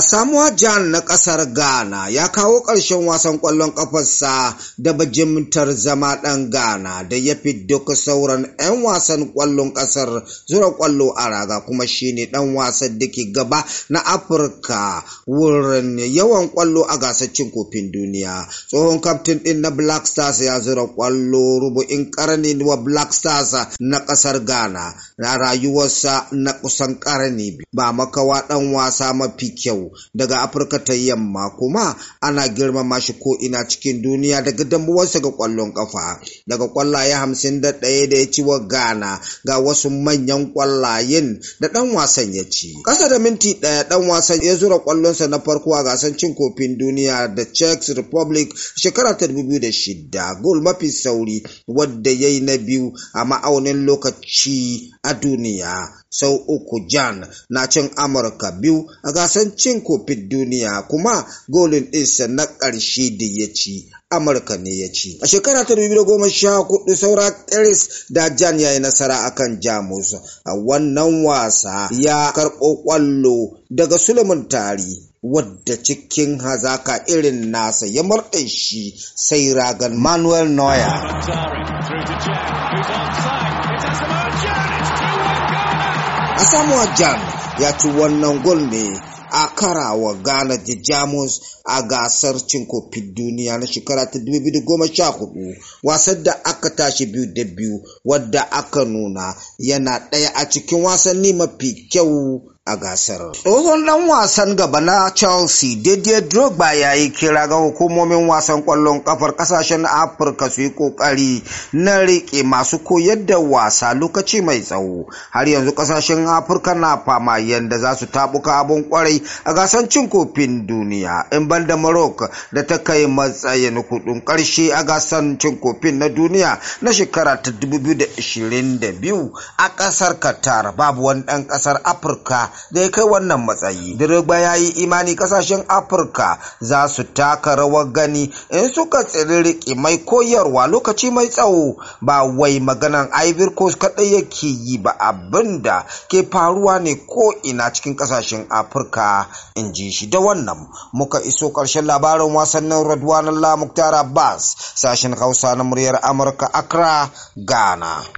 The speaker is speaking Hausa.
A samuwa jihar na kasar Ghana ya kawo ƙarshen wasan kwallon ƙafarsa da bajimtar zama ɗan Ghana da ya fi duka sauran 'yan wasan kwallon ƙasar zura kwallo a raga kuma shine ɗan wasan da ke gaba na Afirka wurin yawan ƙwallo a gasar cin kofin duniya. Tsohon kaftin ɗin na Black Stars ya zura ƙwallo rubu'in ƙarni wa Black Stars na ƙasar Ghana na rayuwarsa na kusan ƙarni ba makawa ɗan wasa mafi kyau daga Afirka ta yamma kuma ana girmama shi ko ina cikin duniya daga dambuwarsa ga kwallon ƙafa daga ƙwallaye hamsin da ɗaya da ya ci wa Ghana ga wasu manyan kwallayen da ɗan wasan ya ci. Ƙasa da minti ɗaya ɗan wasan ya zura ƙwallonsa na farko a gasar cin kofin duniya da Czech Republic shekara ta shida, gol mafi sauri wadda ya yi na biyu a ma'aunin lokaci a duniya. sau uku jan na cin amurka biyu a gasan cin kofin duniya kuma golin ɗinsa na ƙarshe da ya ci amurka ne ya ci a shekara ta dubu goma hudu saura teres da jan ya yi nasara akan jamus a wannan wasa ya karɓo ƙwallo daga suleiman tari wadda cikin hazaka irin nasa ya murɗe shi sai ragan manuel noya a samuwa Jan ya ci wannan gol ne a karawa Ghana da Jamus a gasar cin kofin duniya na shekara ta 2014 wasan da aka tashi biyu da biyu wadda aka nuna yana ɗaya a cikin wasanni mafi kyau a gasar. Tsohon dan wasan gaba na Chelsea Didier Drogba ya yi kira ga hukumomin wasan kwallon ƙafar ƙasashen Afirka su yi kokari na riƙe masu koyar da wasa lokaci mai tsawo. Har yanzu ƙasashen Afirka na fama yadda za su tabuka abin kwarai a gasar cin kofin duniya. In ban da Morocco da ta kai matsayin kuɗin ƙarshe a gasar cin kofin na duniya na shekara ta 2022 a ƙasar Qatar babu wani ɗan ƙasar Afirka da ya kai wannan matsayi direba ya yi imani kasashen afirka za su taka rawar gani in suka tsiri mai koyarwa lokaci mai tsawo ba wai maganan ivory coast kaɗai yake yi ba abinda ke faruwa ne ko ina cikin kasashen afirka in ji shi da wannan muka iso ƙarshen labarin wasannin radwanan lamuktar Bas sashen hausa na muryar amurka accra ghana